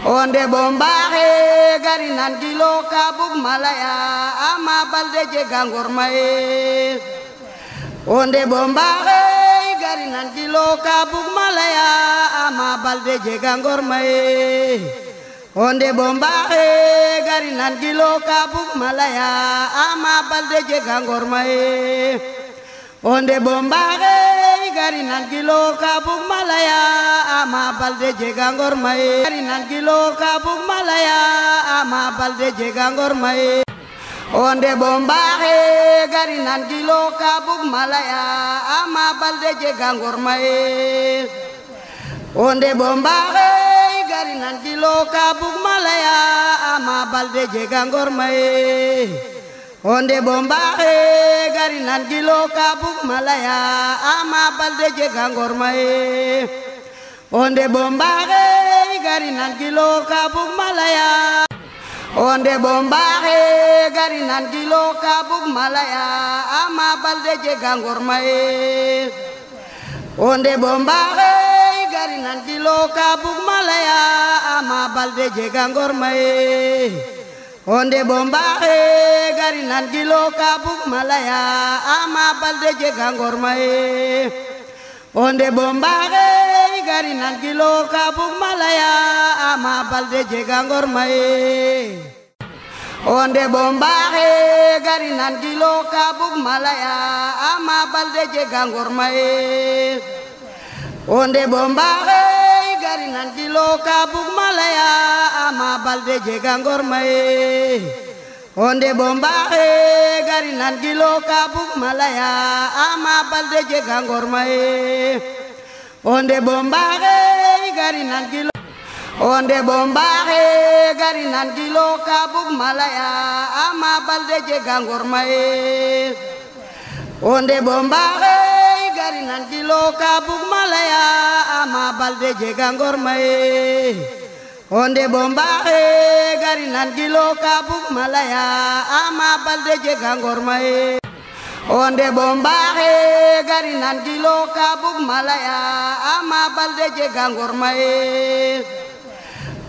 onde bombaxe gari nan gilo ka bug malaya ama balde jega ngorma e onde bombaxe gari nan gilo ka bug malaya ama balde jega ngorma e onde bombaxe gari nan gilo ka bug malaya ama balde jega ngorma e onde bombaxe gari nan gilo kabuk malaya ama balde jega ngor mae gari nan gilo kabuk malaya ama balde jega ngor mae onde bombaxe gari nan gilo kabuk malaya ama balde jega ngor mae onde bombaxe gari nan gilo kabuk malaya ama balde jega ngor mae onde bombaxe gari nangilo ka bug malaya ama balde jega ngorma ye onde bombaxe gari nangilo ka bug malaya onde bombaxe gari nangilo ka bug malaya ama balde jega ngorma ye onde bombaxe gari nangilo ka bug malaya ama balde jega ngorma ye Onde bomba e gari nan gilo kabuk malaya ama balde jega ngorma e Onde bomba e gari nan gilo malaya ama balde jega ngorma e Onde bomba e gari nan gilo malaya balde jega ngorma ye onde bomba e gari nan gilo kabuk malaya ama balde jega ngorma ye onde bomba e gari nan gilo onde bomba e gari nan gilo kabuk malaya ama balde jega ngorma ye onde bomba e gari nan gilo kabuk malaya ama balde jega ngorma ye Onde bomba e gari nan gilo kabuk malaya ama balde jega ngorma e Onde bomba e gari nan gilo kabuk malaya ama balde jega ngorma e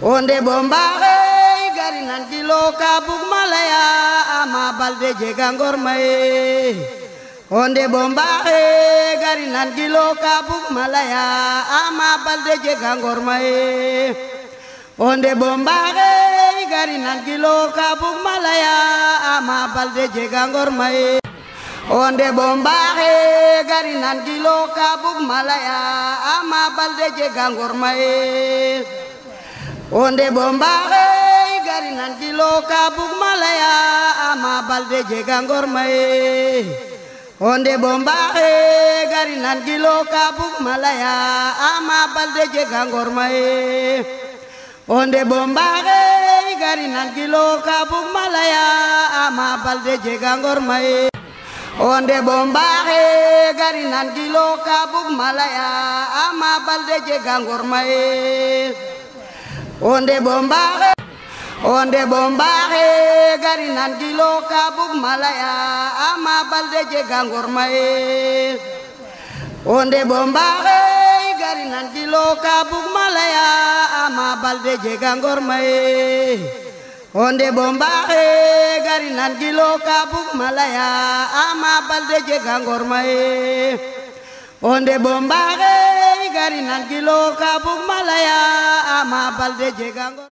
Onde bomba e gari nan gilo kabuk malaya ama balde jega ngorma e Onde bomba e gari nan gilo kabuk malaya ama balde jega ngorma e onde bombaxe gari nankilo ka bug malaya ama balde jega ngorma ye onde bombaxe gari nankilo ka bug malaya ama balde jega ngorma ye onde bombaxe gari nankilo ka bug malaya ama balde jega ngorma ye onde bombaxe gari nankilo ka bug malaya ama balde jega ngorma ye onde bombaxe gari nan kilo ka bug malaya ama balde jega ngorma ye onde bombaxe gari nan kilo ka bug malaya ka bug malaya ama balde jega ngorma ye onde bombaxe yaari nangilo ka bugmalaya ama balde jega ngorma ye onde bombaxe gari nangilo ka bugmalaya ama balde jega ngorma ye onde bombaxe gari nangilo ka bugmalaya ama balde jega ngorma